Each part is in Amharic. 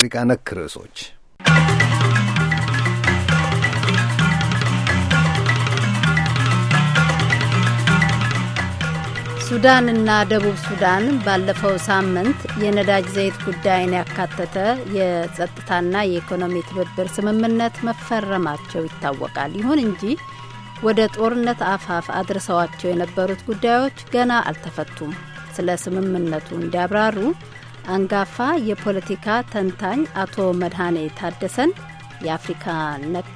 አፍሪቃ ነክ ርዕሶች ሱዳንና ደቡብ ሱዳን ባለፈው ሳምንት የነዳጅ ዘይት ጉዳይን ያካተተ የጸጥታና የኢኮኖሚ ትብብር ስምምነት መፈረማቸው ይታወቃል። ይሁን እንጂ ወደ ጦርነት አፋፍ አድርሰዋቸው የነበሩት ጉዳዮች ገና አልተፈቱም። ስለ ስምምነቱ እንዲያብራሩ አንጋፋ የፖለቲካ ተንታኝ አቶ መድኃኔ ታደሰን የአፍሪካ ነክ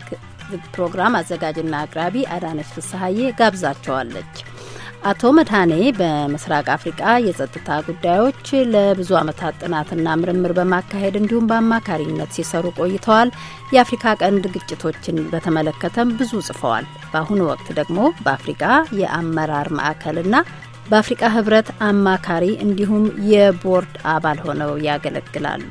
ፕሮግራም አዘጋጅና አቅራቢ አዳነች ፍስሀዬ ጋብዛቸዋለች። አቶ መድኃኔ በምስራቅ አፍሪቃ የጸጥታ ጉዳዮች ለብዙ ዓመታት ጥናትና ምርምር በማካሄድ እንዲሁም በአማካሪነት ሲሰሩ ቆይተዋል። የአፍሪካ ቀንድ ግጭቶችን በተመለከተም ብዙ ጽፈዋል። በአሁኑ ወቅት ደግሞ በአፍሪቃ የአመራር ማዕከልና በአፍሪቃ ህብረት አማካሪ እንዲሁም የቦርድ አባል ሆነው ያገለግላሉ።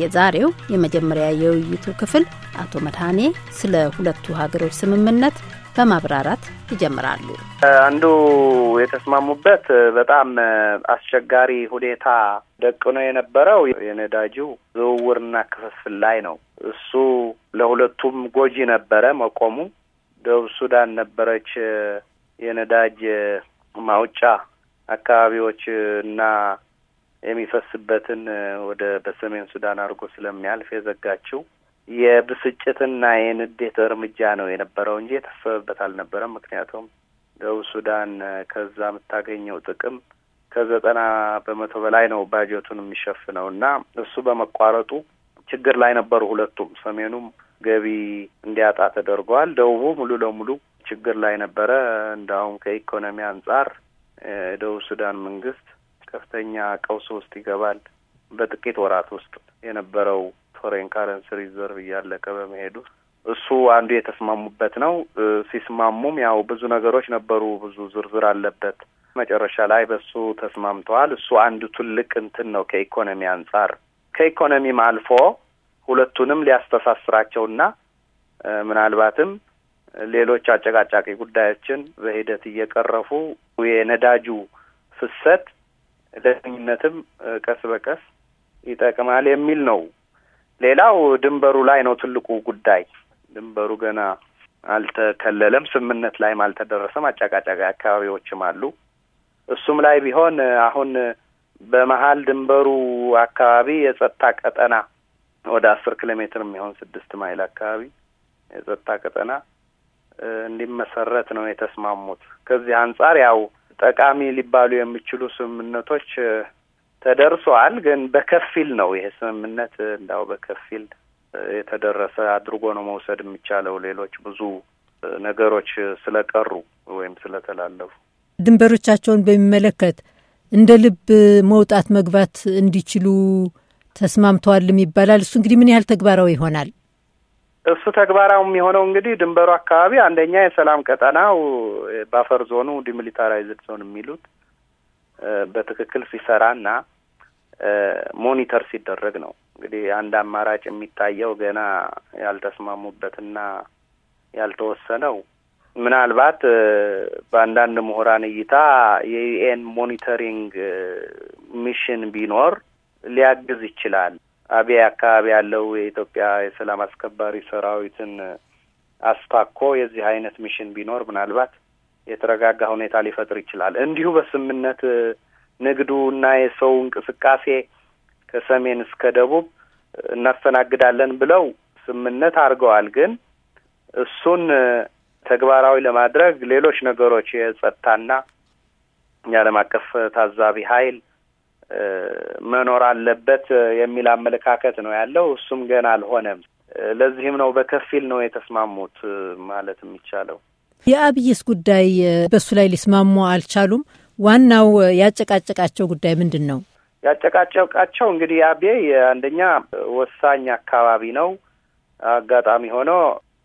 የዛሬው የመጀመሪያ የውይይቱ ክፍል አቶ መድኃኔ ስለ ሁለቱ ሀገሮች ስምምነት በማብራራት ይጀምራሉ። አንዱ የተስማሙበት በጣም አስቸጋሪ ሁኔታ ደቅኖ የነበረው የነዳጁ ዝውውርና ክፍፍል ላይ ነው። እሱ ለሁለቱም ጎጂ ነበረ መቆሙ። ደቡብ ሱዳን ነበረች የነዳጅ ማውጫ አካባቢዎች እና የሚፈስበትን ወደ በሰሜን ሱዳን አድርጎ ስለሚያልፍ የዘጋችው የብስጭትና የንዴት እርምጃ ነው የነበረው እንጂ የታሰበበት አልነበረም። ምክንያቱም ደቡብ ሱዳን ከዛ የምታገኘው ጥቅም ከዘጠና በመቶ በላይ ነው ባጀቱን የሚሸፍነው እና እሱ በመቋረጡ ችግር ላይ ነበሩ ሁለቱም። ሰሜኑም ገቢ እንዲያጣ ተደርጓል። ደቡቡ ሙሉ ለሙሉ ችግር ላይ ነበረ። እንዳሁን ከኢኮኖሚ አንጻር የደቡብ ሱዳን መንግስት ከፍተኛ ቀውስ ውስጥ ይገባል። በጥቂት ወራት ውስጥ የነበረው ፎሬን ካረንስ ሪዘርቭ እያለቀ በመሄዱ እሱ አንዱ የተስማሙበት ነው። ሲስማሙም ያው ብዙ ነገሮች ነበሩ፣ ብዙ ዝርዝር አለበት። መጨረሻ ላይ በሱ ተስማምተዋል። እሱ አንዱ ትልቅ እንትን ነው ከኢኮኖሚ አንጻር ከኢኮኖሚም አልፎ ሁለቱንም ሊያስተሳስራቸውና ምናልባትም ሌሎች አጨቃጫቂ ጉዳዮችን በሂደት እየቀረፉ የነዳጁ ፍሰት ለግንኙነትም ቀስ በቀስ ይጠቅማል የሚል ነው። ሌላው ድንበሩ ላይ ነው ትልቁ ጉዳይ። ድንበሩ ገና አልተከለለም፣ ስምምነት ላይም አልተደረሰም። አጨቃጫቂ አካባቢዎችም አሉ። እሱም ላይ ቢሆን አሁን በመሀል ድንበሩ አካባቢ የጸጥታ ቀጠና ወደ አስር ኪሎ ሜትር የሚሆን ስድስት ማይል አካባቢ የጸጥታ ቀጠና እንዲመሰረት ነው የተስማሙት። ከዚህ አንጻር ያው ጠቃሚ ሊባሉ የሚችሉ ስምምነቶች ተደርሰዋል ግን በከፊል ነው ይሄ ስምምነት እንዳው በከፊል የተደረሰ አድርጎ ነው መውሰድ የሚቻለው። ሌሎች ብዙ ነገሮች ስለቀሩ ወይም ስለተላለፉ ድንበሮቻቸውን በሚመለከት እንደ ልብ መውጣት መግባት እንዲችሉ ተስማምተዋልም ይባላል። እሱ እንግዲህ ምን ያህል ተግባራዊ ይሆናል? እሱ ተግባራዊ የሚሆነው እንግዲህ ድንበሩ አካባቢ አንደኛ የሰላም ቀጠናው ባፈር ዞኑ ዲሚሊታራይዝድ ዞን የሚሉት በትክክል ሲሰራና ሞኒተር ሲደረግ ነው። እንግዲህ አንድ አማራጭ የሚታየው ገና ያልተስማሙበትና ያልተወሰነው ምናልባት በአንዳንድ ምሁራን እይታ የዩኤን ሞኒተሪንግ ሚሽን ቢኖር ሊያግዝ ይችላል አብያ አካባቢ ያለው የኢትዮጵያ የሰላም አስከባሪ ሰራዊትን አስታኮ የዚህ አይነት ሚሽን ቢኖር ምናልባት የተረጋጋ ሁኔታ ሊፈጥር ይችላል። እንዲሁ በስምምነት ንግዱ እና የሰው እንቅስቃሴ ከሰሜን እስከ ደቡብ እናስተናግዳለን ብለው ስምምነት አድርገዋል። ግን እሱን ተግባራዊ ለማድረግ ሌሎች ነገሮች የጸጥታና የዓለም አቀፍ ታዛቢ ኃይል መኖር አለበት የሚል አመለካከት ነው ያለው። እሱም ገና አልሆነም። ለዚህም ነው በከፊል ነው የተስማሙት ማለት የሚቻለው። የአብይስ ጉዳይ በእሱ ላይ ሊስማሙ አልቻሉም። ዋናው ያጨቃጨቃቸው ጉዳይ ምንድን ነው? ያጨቃጨቃቸው እንግዲህ አቤ አንደኛ ወሳኝ አካባቢ ነው። አጋጣሚ ሆኖ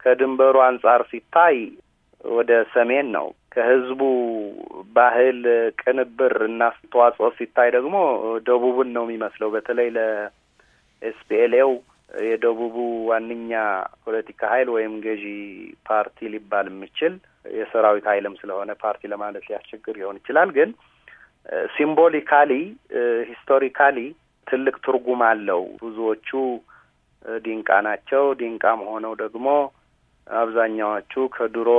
ከድንበሩ አንጻር ሲታይ ወደ ሰሜን ነው ከህዝቡ ባህል ቅንብር እና አስተዋጽኦ ሲታይ ደግሞ ደቡብን ነው የሚመስለው። በተለይ ለኤስፒኤልኤው የደቡቡ ዋነኛ ፖለቲካ ኃይል ወይም ገዢ ፓርቲ ሊባል የሚችል የሰራዊት ኃይልም ስለሆነ ፓርቲ ለማለት ሊያስቸግር ሊሆን ይችላል። ግን ሲምቦሊካሊ ሂስቶሪካሊ ትልቅ ትርጉም አለው። ብዙዎቹ ዲንቃ ናቸው። ዲንቃም ሆነው ደግሞ አብዛኛዎቹ ከድሮ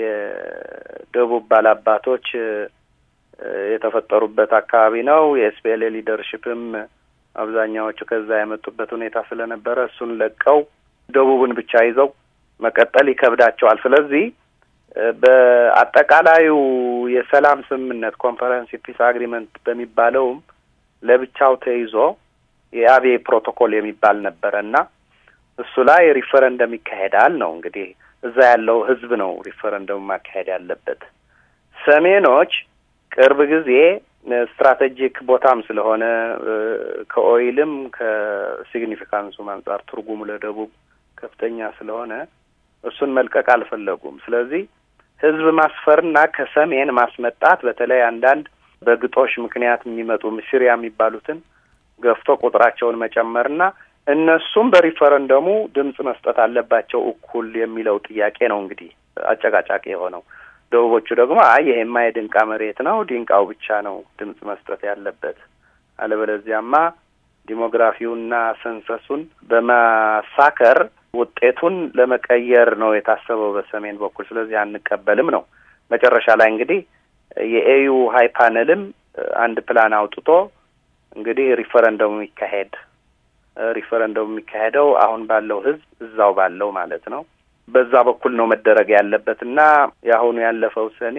የደቡብ ባላባቶች የተፈጠሩበት አካባቢ ነው። የኤስፒኤልኤ ሊደርሽፕም አብዛኛዎቹ ከዛ የመጡበት ሁኔታ ስለነበረ እሱን ለቀው ደቡብን ብቻ ይዘው መቀጠል ይከብዳቸዋል። ስለዚህ በአጠቃላዩ የሰላም ስምምነት ኮንፈረንስ ፒስ አግሪመንት በሚባለውም ለብቻው ተይዞ የአቤ ፕሮቶኮል የሚባል ነበረ እና እሱ ላይ ሪፈረንደም ይካሄዳል ነው እንግዲህ እዛ ያለው ህዝብ ነው ሪፈረንደም ማካሄድ ያለበት። ሰሜኖች ቅርብ ጊዜ ስትራቴጂክ ቦታም ስለሆነ ከኦይልም ከሲግኒፊካንሱ አንጻር ትርጉሙ ለደቡብ ከፍተኛ ስለሆነ እሱን መልቀቅ አልፈለጉም። ስለዚህ ህዝብ ማስፈርና ከሰሜን ማስመጣት በተለይ አንዳንድ በግጦሽ ምክንያት የሚመጡ ሲሪያ የሚባሉትን ገፍቶ ቁጥራቸውን መጨመርና እነሱም በሪፈረንደሙ ድምጽ መስጠት አለባቸው እኩል የሚለው ጥያቄ ነው እንግዲህ አጨቃጫቂ የሆነው። ደቡቦቹ ደግሞ አይ ይሄማ የድንቃ መሬት ነው፣ ድንቃው ብቻ ነው ድምጽ መስጠት ያለበት፣ አለበለዚያማ ዲሞግራፊውና ሰንሰሱን በማሳከር ውጤቱን ለመቀየር ነው የታሰበው በሰሜን በኩል ስለዚህ አንቀበልም ነው። መጨረሻ ላይ እንግዲህ የኤዩ ሀይ ፓነልም አንድ ፕላን አውጥቶ እንግዲህ ሪፈረንደሙ ይካሄድ ሪፈረንደም የሚካሄደው አሁን ባለው ህዝብ እዛው ባለው ማለት ነው። በዛ በኩል ነው መደረግ ያለበት እና የአሁኑ ያለፈው ሰኔ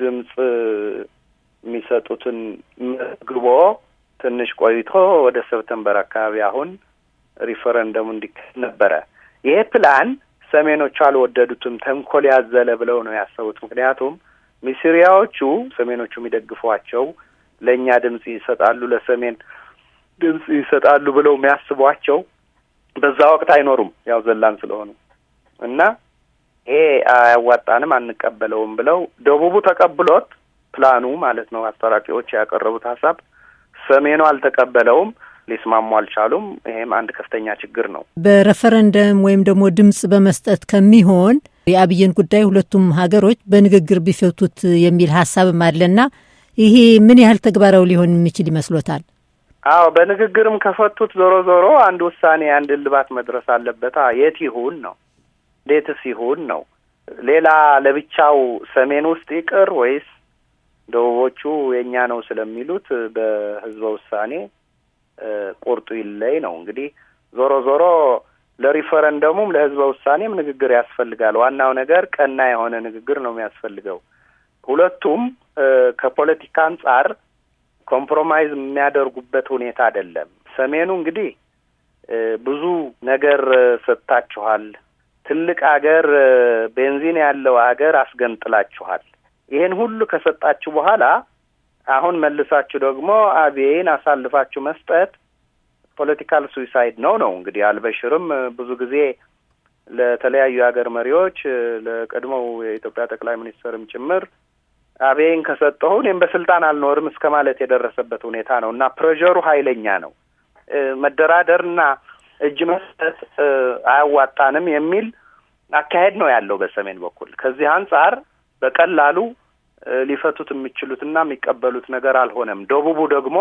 ድምፅ የሚሰጡትን ምግቦ ትንሽ ቆይቶ ወደ ሰብተምበር አካባቢ አሁን ሪፈረንደሙ እንዲካሄድ ነበረ። ይሄ ፕላን ሰሜኖቹ አልወደዱትም። ተንኮል ያዘለ ብለው ነው ያሰቡት። ምክንያቱም ሚስሪያዎቹ ሰሜኖቹ የሚደግፏቸው ለእኛ ድምፅ ይሰጣሉ ለሰሜን ድምፅ ይሰጣሉ ብለው የሚያስቧቸው በዛ ወቅት አይኖሩም። ያው ዘላን ስለሆኑ እና ይሄ አያዋጣንም፣ አንቀበለውም ብለው ደቡቡ ተቀብሎት ፕላኑ ማለት ነው። አስተራቂዎች ያቀረቡት ሀሳብ ሰሜኑ አልተቀበለውም፣ ሊስማሙ አልቻሉም። ይሄም አንድ ከፍተኛ ችግር ነው። በረፈረንደም ወይም ደግሞ ድምፅ በመስጠት ከሚሆን የአብይን ጉዳይ ሁለቱም ሀገሮች በንግግር ቢፈቱት የሚል ሀሳብም አለና ይሄ ምን ያህል ተግባራዊ ሊሆን የሚችል ይመስሎታል? አዎ በንግግርም ከፈቱት ዞሮ ዞሮ አንድ ውሳኔ አንድ እልባት መድረስ አለበት። የት ይሁን ነው እንዴትስ ይሁን ነው። ሌላ ለብቻው ሰሜን ውስጥ ይቅር ወይስ ደቡቦቹ የእኛ ነው ስለሚሉት በህዝበ ውሳኔ ቁርጡ ይለይ ነው። እንግዲህ ዞሮ ዞሮ ለሪፈረንደሙም ለህዝበ ውሳኔም ንግግር ያስፈልጋል። ዋናው ነገር ቀና የሆነ ንግግር ነው የሚያስፈልገው። ሁለቱም ከፖለቲካ አንጻር ኮምፕሮማይዝ የሚያደርጉበት ሁኔታ አይደለም። ሰሜኑ እንግዲህ ብዙ ነገር ሰጥታችኋል። ትልቅ አገር ቤንዚን ያለው አገር አስገንጥላችኋል። ይሄን ሁሉ ከሰጣችሁ በኋላ አሁን መልሳችሁ ደግሞ አብዬን አሳልፋችሁ መስጠት ፖለቲካል ሱዊሳይድ ነው ነው እንግዲህ አልበሽርም ብዙ ጊዜ ለተለያዩ የሀገር መሪዎች ለቀድሞው የኢትዮጵያ ጠቅላይ ሚኒስትርም ጭምር አቤን ከሰጠሁ እኔም በስልጣን አልኖርም እስከ ማለት የደረሰበት ሁኔታ ነው እና ፕሬዠሩ ኃይለኛ ነው። መደራደርና እጅ መስጠት አያዋጣንም የሚል አካሄድ ነው ያለው በሰሜን በኩል። ከዚህ አንጻር በቀላሉ ሊፈቱት የሚችሉትና የሚቀበሉት ነገር አልሆነም። ደቡቡ ደግሞ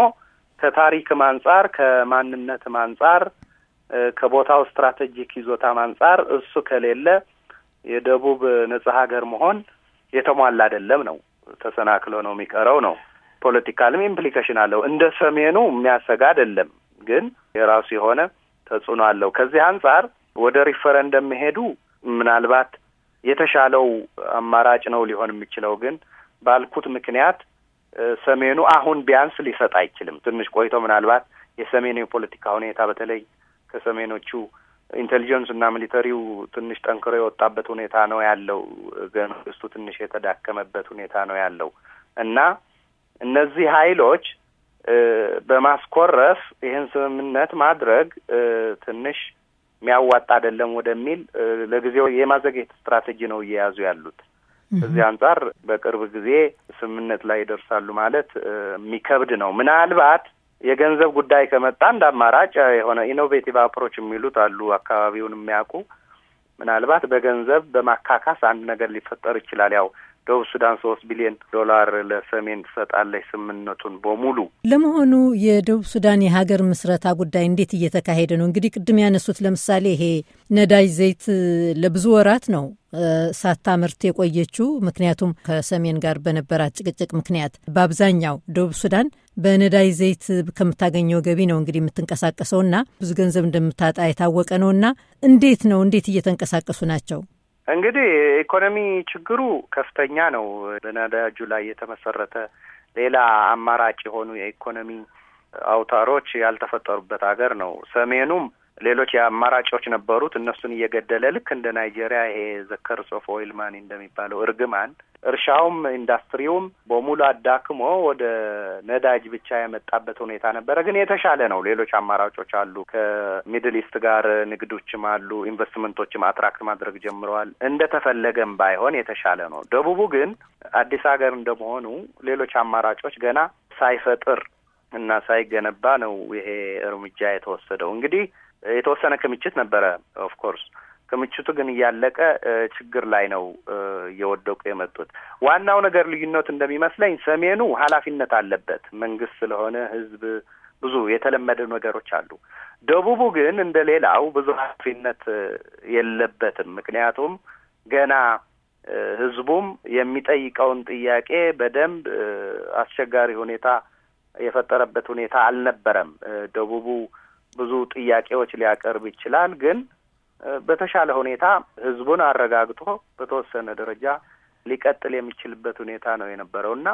ከታሪክም አንጻር ከማንነትም አንጻር ከቦታው ስትራቴጂክ ይዞታም አንጻር እሱ ከሌለ የደቡብ ነጻ ሀገር መሆን የተሟላ አይደለም ነው ተሰናክሎ ነው የሚቀረው ነው። ፖለቲካልም ኢምፕሊኬሽን አለው። እንደ ሰሜኑ የሚያሰጋ አይደለም፣ ግን የራሱ የሆነ ተጽዕኖ አለው። ከዚህ አንጻር ወደ ሪፈረንደም መሄዱ ምናልባት የተሻለው አማራጭ ነው ሊሆን የሚችለው። ግን ባልኩት ምክንያት ሰሜኑ አሁን ቢያንስ ሊሰጥ አይችልም። ትንሽ ቆይቶ ምናልባት የሰሜኑ የፖለቲካ ሁኔታ በተለይ ከሰሜኖቹ ኢንቴሊጀንስ እና ሚሊተሪው ትንሽ ጠንክሮ የወጣበት ሁኔታ ነው ያለው። መንግስቱ ትንሽ የተዳከመበት ሁኔታ ነው ያለው እና እነዚህ ሀይሎች በማስኮረፍ ይህን ስምምነት ማድረግ ትንሽ የሚያዋጣ አይደለም ወደሚል ለጊዜው የማዘግየት ስትራቴጂ ነው እየያዙ ያሉት። እዚህ አንጻር በቅርብ ጊዜ ስምምነት ላይ ይደርሳሉ ማለት የሚከብድ ነው። ምናልባት የገንዘብ ጉዳይ ከመጣ እንደ አማራጭ የሆነ ኢኖቬቲቭ አፕሮች የሚሉት አሉ። አካባቢውን የሚያውቁ ምናልባት በገንዘብ በማካካስ አንድ ነገር ሊፈጠር ይችላል። ያው ደቡብ ሱዳን ሶስት ቢሊዮን ዶላር ለሰሜን ትሰጣለች ስምምነቱን በሙሉ። ለመሆኑ የደቡብ ሱዳን የሀገር ምስረታ ጉዳይ እንዴት እየተካሄደ ነው? እንግዲህ ቅድም ያነሱት ለምሳሌ ይሄ ነዳጅ ዘይት ለብዙ ወራት ነው ሳታመርት የቆየችው። ምክንያቱም ከሰሜን ጋር በነበራት ጭቅጭቅ ምክንያት በአብዛኛው ደቡብ ሱዳን በነዳጅ ዘይት ከምታገኘው ገቢ ነው እንግዲህ የምትንቀሳቀሰውና ብዙ ገንዘብ እንደምታጣ የታወቀ ነውና እንዴት ነው እንዴት እየተንቀሳቀሱ ናቸው? እንግዲህ ኢኮኖሚ ችግሩ ከፍተኛ ነው። በነዳጁ ላይ የተመሰረተ ሌላ አማራጭ የሆኑ የኢኮኖሚ አውታሮች ያልተፈጠሩበት ሀገር ነው። ሰሜኑም ሌሎች የአማራጮች ነበሩት። እነሱን እየገደለ ልክ እንደ ናይጄሪያ ይሄ ዘከርስ ኦፍ ኦይል ማኒ እንደሚባለው እርግማን እርሻውም ኢንዱስትሪውም በሙሉ አዳክሞ ወደ ነዳጅ ብቻ የመጣበት ሁኔታ ነበረ። ግን የተሻለ ነው። ሌሎች አማራጮች አሉ። ከሚድል ኢስት ጋር ንግዶችም አሉ። ኢንቨስትመንቶችም አትራክት ማድረግ ጀምረዋል። እንደተፈለገም ባይሆን የተሻለ ነው። ደቡቡ ግን አዲስ ሀገር እንደመሆኑ ሌሎች አማራጮች ገና ሳይፈጥር እና ሳይገነባ ነው ይሄ እርምጃ የተወሰደው እንግዲህ የተወሰነ ክምችት ነበረ። ኦፍኮርስ ክምችቱ ግን እያለቀ ችግር ላይ ነው እየወደቁ የመጡት። ዋናው ነገር ልዩነት እንደሚመስለኝ ሰሜኑ ኃላፊነት አለበት መንግስት ስለሆነ ህዝብ ብዙ የተለመደ ነገሮች አሉ። ደቡቡ ግን እንደ ሌላው ብዙ ኃላፊነት የለበትም። ምክንያቱም ገና ህዝቡም የሚጠይቀውን ጥያቄ በደንብ አስቸጋሪ ሁኔታ የፈጠረበት ሁኔታ አልነበረም። ደቡቡ ብዙ ጥያቄዎች ሊያቀርብ ይችላል። ግን በተሻለ ሁኔታ ህዝቡን አረጋግቶ በተወሰነ ደረጃ ሊቀጥል የሚችልበት ሁኔታ ነው የነበረው እና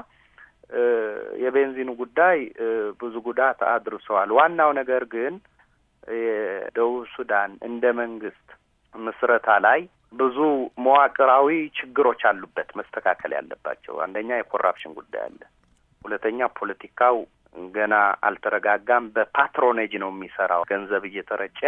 የቤንዚኑ ጉዳይ ብዙ ጉዳት አድርሰዋል። ዋናው ነገር ግን የደቡብ ሱዳን እንደ መንግስት ምስረታ ላይ ብዙ መዋቅራዊ ችግሮች አሉበት መስተካከል ያለባቸው። አንደኛ የኮራፕሽን ጉዳይ አለ። ሁለተኛ ፖለቲካው ገና አልተረጋጋም። በፓትሮኔጅ ነው የሚሰራው። ገንዘብ እየተረጨ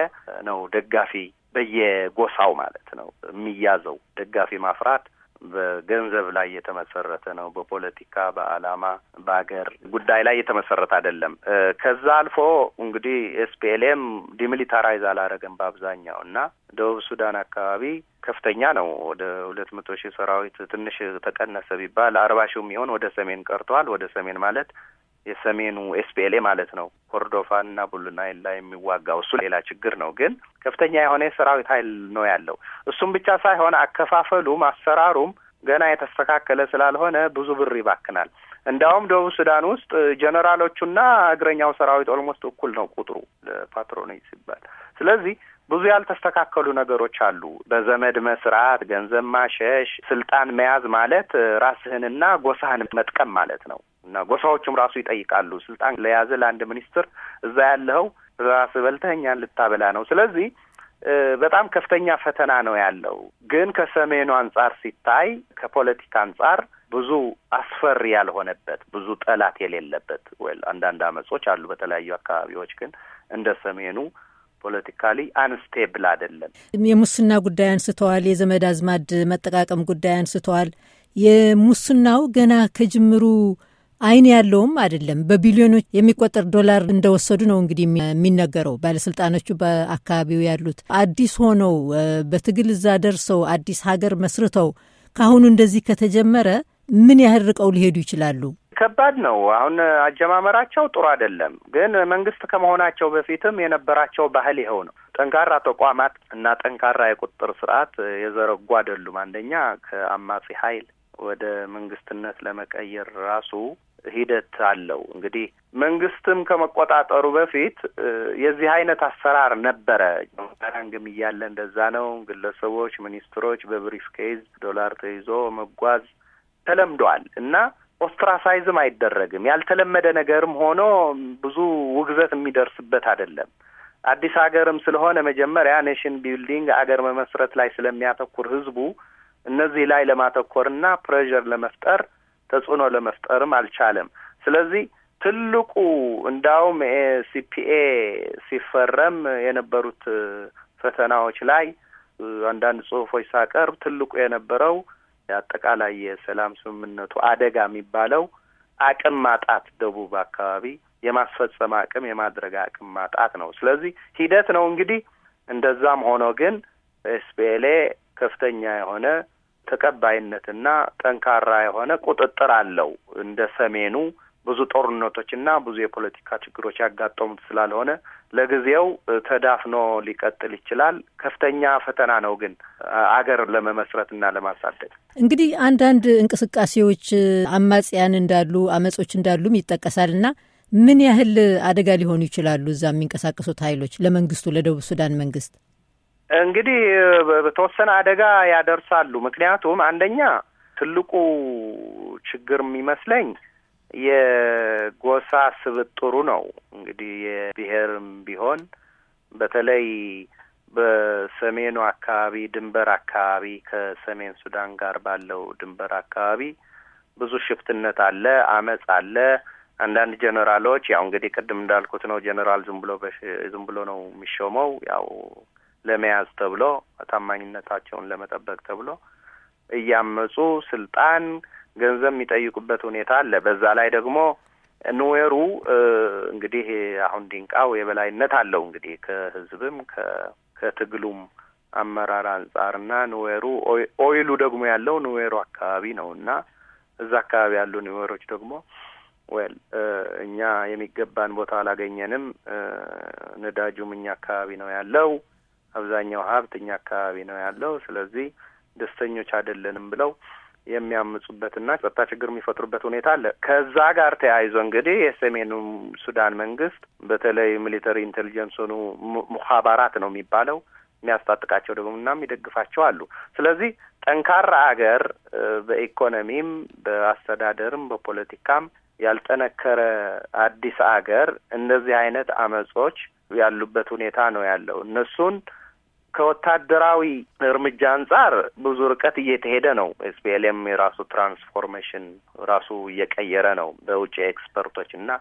ነው ደጋፊ በየጎሳው ማለት ነው የሚያዘው። ደጋፊ ማፍራት በገንዘብ ላይ የተመሰረተ ነው። በፖለቲካ በዓላማ በሀገር ጉዳይ ላይ የተመሰረተ አይደለም። ከዛ አልፎ እንግዲህ ኤስፒኤልኤም ዲሚሊታራይዝ አላረገም በአብዛኛው እና ደቡብ ሱዳን አካባቢ ከፍተኛ ነው። ወደ ሁለት መቶ ሺህ ሰራዊት ትንሽ ተቀነሰ ቢባል አርባ ሺው የሚሆን ወደ ሰሜን ቀርቷል። ወደ ሰሜን ማለት የሰሜኑ ኤስፒኤልኤ ማለት ነው ኮርዶፋን እና ቡሉናይል ላይ የሚዋጋው እሱ ሌላ ችግር ነው። ግን ከፍተኛ የሆነ የሰራዊት ኃይል ነው ያለው። እሱም ብቻ ሳይሆን አከፋፈሉም አሰራሩም ገና የተስተካከለ ስላልሆነ ብዙ ብር ይባክናል። እንዲያውም ደቡብ ሱዳን ውስጥ ጀኔራሎቹና እግረኛው ሰራዊት ኦልሞስት እኩል ነው ቁጥሩ ፓትሮኔጅ ሲባል። ስለዚህ ብዙ ያልተስተካከሉ ነገሮች አሉ። በዘመድ መስራት፣ ገንዘብ ማሸሽ፣ ስልጣን መያዝ ማለት ራስህንና ጎሳህን መጥቀም ማለት ነው። እና ጎሳዎቹም ራሱ ይጠይቃሉ። ስልጣን ለያዘ ለአንድ ሚኒስትር እዛ ያለኸው ራስ በልተኛን ልታበላ ነው። ስለዚህ በጣም ከፍተኛ ፈተና ነው ያለው። ግን ከሰሜኑ አንጻር ሲታይ ከፖለቲካ አንጻር ብዙ አስፈሪ ያልሆነበት ብዙ ጠላት የሌለበት ወይ አንዳንድ አመጾች አሉ በተለያዩ አካባቢዎች ግን እንደ ሰሜኑ ፖለቲካሊ አንስቴብል አይደለም። የሙስና ጉዳይ አንስተዋል። የዘመድ አዝማድ መጠቃቀም ጉዳይ አንስተዋል። የሙስናው ገና ከጅምሩ አይን ያለውም አይደለም። በቢሊዮኖች የሚቆጠር ዶላር እንደወሰዱ ነው እንግዲህ የሚነገረው ባለስልጣኖቹ በአካባቢው ያሉት። አዲስ ሆነው በትግል እዛ ደርሰው አዲስ ሀገር መስርተው ከአሁኑ እንደዚህ ከተጀመረ ምን ያህል ርቀው ሊሄዱ ይችላሉ? ከባድ ነው። አሁን አጀማመራቸው ጥሩ አይደለም፣ ግን መንግስት ከመሆናቸው በፊትም የነበራቸው ባህል ይኸው ነው። ጠንካራ ተቋማት እና ጠንካራ የቁጥጥር ስርዓት የዘረጉ አይደሉም። አንደኛ ከአማጺ ኃይል ወደ መንግስትነት ለመቀየር ራሱ ሂደት አለው። እንግዲህ መንግስትም ከመቆጣጠሩ በፊት የዚህ አይነት አሰራር ነበረ። ራንግም እያለ እንደዛ ነው። ግለሰቦች፣ ሚኒስትሮች በብሪፍ ኬዝ ዶላር ተይዞ መጓዝ ተለምዷል እና ኦስትራሳይዝም አይደረግም። ያልተለመደ ነገርም ሆኖ ብዙ ውግዘት የሚደርስበት አይደለም። አዲስ ሀገርም ስለሆነ መጀመሪያ ኔሽን ቢልዲንግ አገር መመስረት ላይ ስለሚያተኩር ህዝቡ እነዚህ ላይ ለማተኮርና ፕሬዠር ለመፍጠር ተጽዕኖ ለመፍጠርም አልቻለም። ስለዚህ ትልቁ እንዳውም ሲፒኤ ሲፈረም የነበሩት ፈተናዎች ላይ አንዳንድ ጽሁፎች ሳቀርብ ትልቁ የነበረው አጠቃላይ የሰላም ስምምነቱ አደጋ የሚባለው አቅም ማጣት፣ ደቡብ አካባቢ የማስፈጸም አቅም የማድረግ አቅም ማጣት ነው። ስለዚህ ሂደት ነው እንግዲህ። እንደዛም ሆኖ ግን ኤስፒኤልኤ ከፍተኛ የሆነ ተቀባይነትና ጠንካራ የሆነ ቁጥጥር አለው። እንደ ሰሜኑ ብዙ ጦርነቶችና ብዙ የፖለቲካ ችግሮች ያጋጠሙት ስላልሆነ ለጊዜው ተዳፍኖ ሊቀጥል ይችላል። ከፍተኛ ፈተና ነው ግን አገር ለመመስረትና ለማሳደግ እንግዲህ አንዳንድ እንቅስቃሴዎች አማጽያን እንዳሉ አመጾች እንዳሉም ይጠቀሳል እና ምን ያህል አደጋ ሊሆኑ ይችላሉ እዛ የሚንቀሳቀሱት ኃይሎች ለመንግስቱ ለደቡብ ሱዳን መንግስት? እንግዲህ በተወሰነ አደጋ ያደርሳሉ። ምክንያቱም አንደኛ ትልቁ ችግር የሚመስለኝ የጎሳ ስብጥሩ ነው። እንግዲህ የብሔርም ቢሆን በተለይ በሰሜኑ አካባቢ ድንበር አካባቢ ከሰሜን ሱዳን ጋር ባለው ድንበር አካባቢ ብዙ ሽፍትነት አለ፣ አመፅ አለ። አንዳንድ ጀኔራሎች ያው እንግዲህ ቅድም እንዳልኩት ነው ጀኔራል ዝም ብሎ ዝም ብሎ ነው የሚሾመው ያው ለመያዝ ተብሎ ታማኝነታቸውን ለመጠበቅ ተብሎ እያመጹ ስልጣን፣ ገንዘብ የሚጠይቁበት ሁኔታ አለ። በዛ ላይ ደግሞ ኑዌሩ እንግዲህ አሁን ዲንቃው የበላይነት አለው እንግዲህ ከህዝብም ከትግሉም አመራር አንጻርና ኑዌሩ ኦይሉ ደግሞ ያለው ኑዌሩ አካባቢ ነው እና እዛ አካባቢ ያሉ ኑዌሮች ደግሞ ወል እኛ የሚገባን ቦታ አላገኘንም፣ ነዳጁም እኛ አካባቢ ነው ያለው አብዛኛው ሀብት እኛ አካባቢ ነው ያለው፣ ስለዚህ ደስተኞች አይደለንም ብለው የሚያምጹበትና ጸጥታ ችግር የሚፈጥሩበት ሁኔታ አለ። ከዛ ጋር ተያይዞ እንግዲህ የሰሜኑ ሱዳን መንግስት በተለይ ሚሊተሪ ኢንቴሊጀንስ ሆኑ ሙሀባራት ነው የሚባለው የሚያስታጥቃቸው ደግሞ እና የሚደግፋቸው አሉ። ስለዚህ ጠንካራ አገር በኢኮኖሚም፣ በአስተዳደርም፣ በፖለቲካም ያልጠነከረ አዲስ አገር እንደዚህ አይነት አመጾች ያሉበት ሁኔታ ነው ያለው እነሱን ከወታደራዊ እርምጃ አንጻር ብዙ ርቀት እየተሄደ ነው። ኤስፒኤልኤም የራሱ ትራንስፎርሜሽን ራሱ እየቀየረ ነው በውጭ ኤክስፐርቶች እና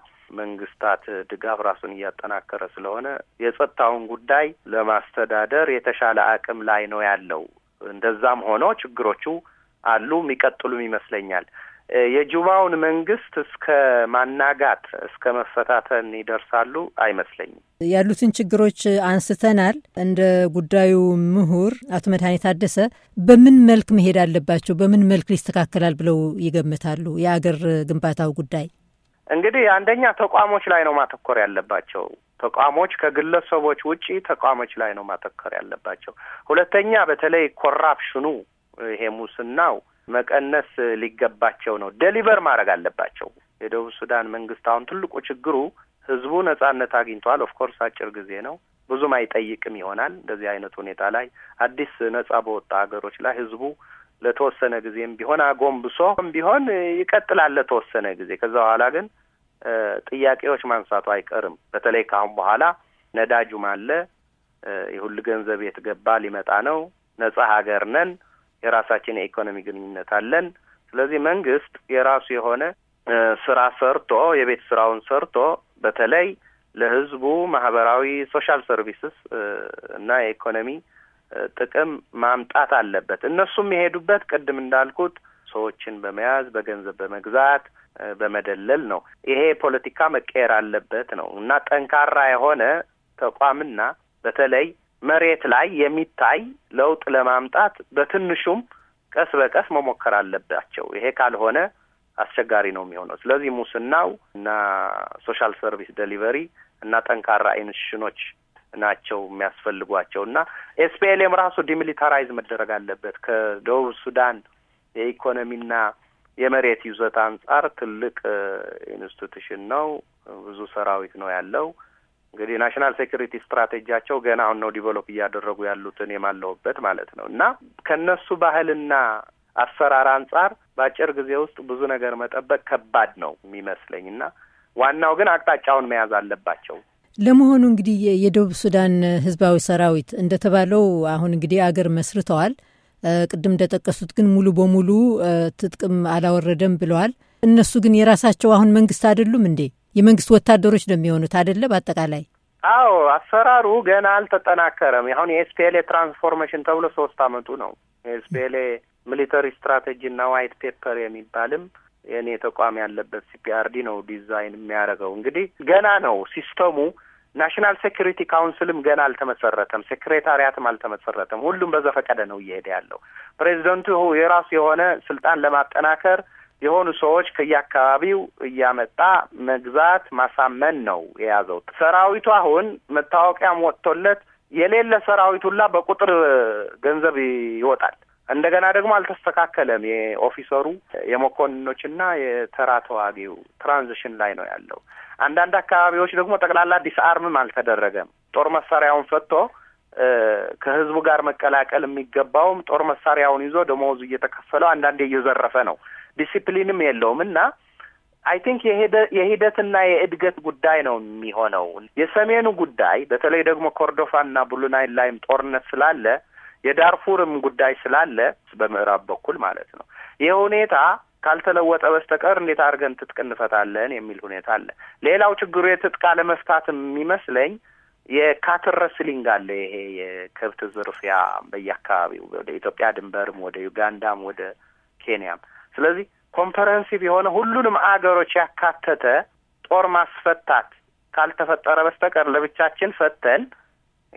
መንግስታት ድጋፍ ራሱን እያጠናከረ ስለሆነ የጸጥታውን ጉዳይ ለማስተዳደር የተሻለ አቅም ላይ ነው ያለው። እንደዛም ሆኖ ችግሮቹ አሉ፣ የሚቀጥሉም ይመስለኛል። የጁባውን መንግስት እስከ ማናጋት እስከ መፈታተን ይደርሳሉ አይመስለኝም። ያሉትን ችግሮች አንስተናል። እንደ ጉዳዩ ምሁር አቶ መድኃኔ ታደሰ በምን መልክ መሄድ አለባቸው፣ በምን መልክ ሊስተካከላል ብለው ይገምታሉ? የአገር ግንባታው ጉዳይ እንግዲህ አንደኛ ተቋሞች ላይ ነው ማተኮር ያለባቸው። ተቋሞች ከግለሰቦች ውጪ ተቋሞች ላይ ነው ማተኮር ያለባቸው። ሁለተኛ በተለይ ኮራፕሽኑ ይሄ ሙስናው መቀነስ ሊገባቸው ነው። ደሊቨር ማድረግ አለባቸው። የደቡብ ሱዳን መንግስት አሁን ትልቁ ችግሩ ህዝቡ ነጻነት አግኝቷል። ኦፍኮርስ አጭር ጊዜ ነው፣ ብዙም አይጠይቅም ይሆናል። እንደዚህ አይነት ሁኔታ ላይ አዲስ ነጻ በወጣ ሀገሮች ላይ ህዝቡ ለተወሰነ ጊዜም ቢሆን አጎንብሶ ቢሆን ይቀጥላል ለተወሰነ ጊዜ። ከዛ በኋላ ግን ጥያቄዎች ማንሳቱ አይቀርም። በተለይ ከአሁን በኋላ ነዳጁም አለ፣ የሁሉ ገንዘብ የት ገባ ሊመጣ ነው፣ ነጻ ሀገር ነን የራሳችን የኢኮኖሚ ግንኙነት አለን። ስለዚህ መንግስት የራሱ የሆነ ስራ ሰርቶ የቤት ስራውን ሰርቶ በተለይ ለህዝቡ ማህበራዊ ሶሻል ሰርቪስስ እና የኢኮኖሚ ጥቅም ማምጣት አለበት። እነሱም የሄዱበት ቅድም እንዳልኩት ሰዎችን በመያዝ በገንዘብ በመግዛት በመደለል ነው። ይሄ ፖለቲካ መቀየር አለበት ነው እና ጠንካራ የሆነ ተቋምና በተለይ መሬት ላይ የሚታይ ለውጥ ለማምጣት በትንሹም ቀስ በቀስ መሞከር አለባቸው። ይሄ ካልሆነ አስቸጋሪ ነው የሚሆነው። ስለዚህ ሙስናው እና ሶሻል ሰርቪስ ደሊቨሪ እና ጠንካራ ኢንስቲትዩሽኖች ናቸው የሚያስፈልጓቸው እና ኤስፒኤልኤም ራሱ ዲሚሊታራይዝ መደረግ አለበት። ከደቡብ ሱዳን የኢኮኖሚና የመሬት ይዞታ አንጻር ትልቅ ኢንስቲትዩሽን ነው። ብዙ ሰራዊት ነው ያለው። እንግዲህ ናሽናል ሴኩሪቲ ስትራቴጂያቸው ገና አሁን ነው ዲቨሎፕ እያደረጉ ያሉትን የማለውበት ማለት ነው እና ከእነሱ ባህልና አሰራር አንጻር በአጭር ጊዜ ውስጥ ብዙ ነገር መጠበቅ ከባድ ነው የሚመስለኝ እና ዋናው ግን አቅጣጫውን መያዝ አለባቸው። ለመሆኑ እንግዲህ የደቡብ ሱዳን ህዝባዊ ሰራዊት እንደተባለው አሁን እንግዲህ አገር መስርተዋል። ቅድም እንደጠቀሱት ግን ሙሉ በሙሉ ትጥቅም አላወረደም ብለዋል። እነሱ ግን የራሳቸው አሁን መንግስት አይደሉም እንዴ? የመንግስት ወታደሮች ነው የሚሆኑት አይደለ? በአጠቃላይ አዎ፣ አሰራሩ ገና አልተጠናከረም። አሁን የኤስፒኤልኤ ትራንስፎርሜሽን ተብሎ ሶስት አመቱ ነው። የኤስፒኤልኤ ሚሊተሪ ስትራቴጂ እና ዋይት ፔፐር የሚባልም የእኔ ተቋም ያለበት ሲፒአርዲ ነው ዲዛይን የሚያደርገው። እንግዲህ ገና ነው ሲስተሙ። ናሽናል ሴኪሪቲ ካውንስልም ገና አልተመሰረተም፣ ሴክሬታሪያትም አልተመሰረተም። ሁሉም በዘፈቀደ ነው እየሄደ ያለው። ፕሬዚደንቱ የራሱ የሆነ ስልጣን ለማጠናከር የሆኑ ሰዎች ከየአካባቢው እያመጣ መግዛት ማሳመን ነው የያዘው። ሰራዊቱ አሁን መታወቂያም ወጥቶለት የሌለ ሰራዊት ሁላ በቁጥር ገንዘብ ይወጣል። እንደገና ደግሞ አልተስተካከለም። የኦፊሰሩ የመኮንኖችና የተራ ተዋጊው ትራንዚሽን ላይ ነው ያለው። አንዳንድ አካባቢዎች ደግሞ ጠቅላላ ዲስአርምም አልተደረገም። ጦር መሳሪያውን ፈቶ ከህዝቡ ጋር መቀላቀል የሚገባውም ጦር መሳሪያውን ይዞ ደመወዙ እየተከፈለው አንዳንዴ እየዘረፈ ነው። ዲሲፕሊንም የለውም እና አይ ቲንክ የሂደትና የእድገት ጉዳይ ነው የሚሆነው። የሰሜኑ ጉዳይ በተለይ ደግሞ ኮርዶፋና ቡሉናይ ላይም ጦርነት ስላለ የዳርፉርም ጉዳይ ስላለ በምዕራብ በኩል ማለት ነው ይህ ሁኔታ ካልተለወጠ በስተቀር እንዴት አድርገን ትጥቅ እንፈታለን የሚል ሁኔታ አለ። ሌላው ችግሩ የትጥቅ አለመፍታት የሚመስለኝ የካትል ረስሊንግ አለ። ይሄ የከብት ዝርፊያ በየአካባቢው ወደ ኢትዮጵያ ድንበርም፣ ወደ ዩጋንዳም፣ ወደ ኬንያም ስለዚህ ኮንፈረንሲቭ የሆነ ሁሉንም አገሮች ያካተተ ጦር ማስፈታት ካልተፈጠረ በስተቀር ለብቻችን ፈተን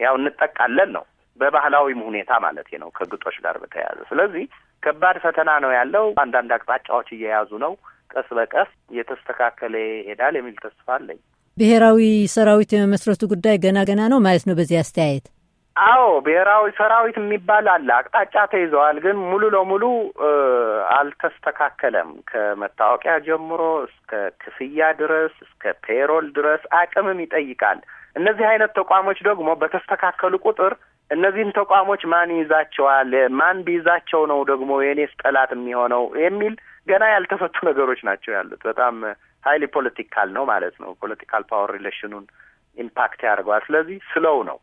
ያው እንጠቃለን ነው። በባህላዊም ሁኔታ ማለት ነው ከግጦሽ ጋር በተያያዘ ስለዚህ ከባድ ፈተና ነው ያለው። አንዳንድ አቅጣጫዎች እየያዙ ነው። ቀስ በቀስ እየተስተካከለ ይሄዳል የሚል ተስፋ አለኝ። ብሔራዊ ሰራዊት የመመስረቱ ጉዳይ ገና ገና ነው ማለት ነው በዚህ አስተያየት አዎ ብሔራዊ ሰራዊት የሚባል አለ። አቅጣጫ ተይዘዋል፣ ግን ሙሉ ለሙሉ አልተስተካከለም። ከመታወቂያ ጀምሮ እስከ ክፍያ ድረስ እስከ ፔሮል ድረስ አቅምም ይጠይቃል። እነዚህ አይነት ተቋሞች ደግሞ በተስተካከሉ ቁጥር እነዚህን ተቋሞች ማን ይይዛቸዋል? ማን ቢይዛቸው ነው ደግሞ የእኔስ ጠላት የሚሆነው የሚል ገና ያልተፈቱ ነገሮች ናቸው ያሉት። በጣም ሀይሊ ፖለቲካል ነው ማለት ነው። ፖለቲካል ፓወር ሪሌሽኑን ኢምፓክት ያደርገዋል። ስለዚህ ስለው ነው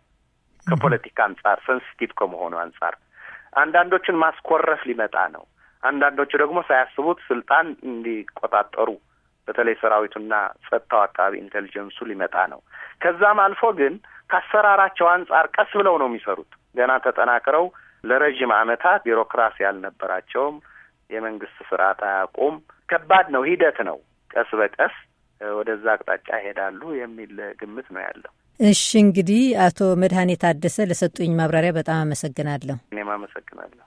ከፖለቲካ አንጻር ሰንስቲቭ ከመሆኑ አንጻር አንዳንዶችን ማስኮረፍ ሊመጣ ነው። አንዳንዶቹ ደግሞ ሳያስቡት ስልጣን እንዲቆጣጠሩ በተለይ ሰራዊቱና ጸጥታው አካባቢ ኢንቴሊጀንሱ ሊመጣ ነው። ከዛም አልፎ ግን ከአሰራራቸው አንጻር ቀስ ብለው ነው የሚሰሩት። ገና ተጠናክረው ለረዥም ዓመታት ቢሮክራሲ ያልነበራቸውም የመንግስት ስርዓት አያውቁም። ከባድ ነው፣ ሂደት ነው። ቀስ በቀስ ወደዛ አቅጣጫ ይሄዳሉ የሚል ግምት ነው ያለው። እሺ እንግዲህ አቶ መድኃኔ ታደሰ ለሰጡኝ ማብራሪያ በጣም አመሰግናለሁ። እኔም አመሰግናለሁ።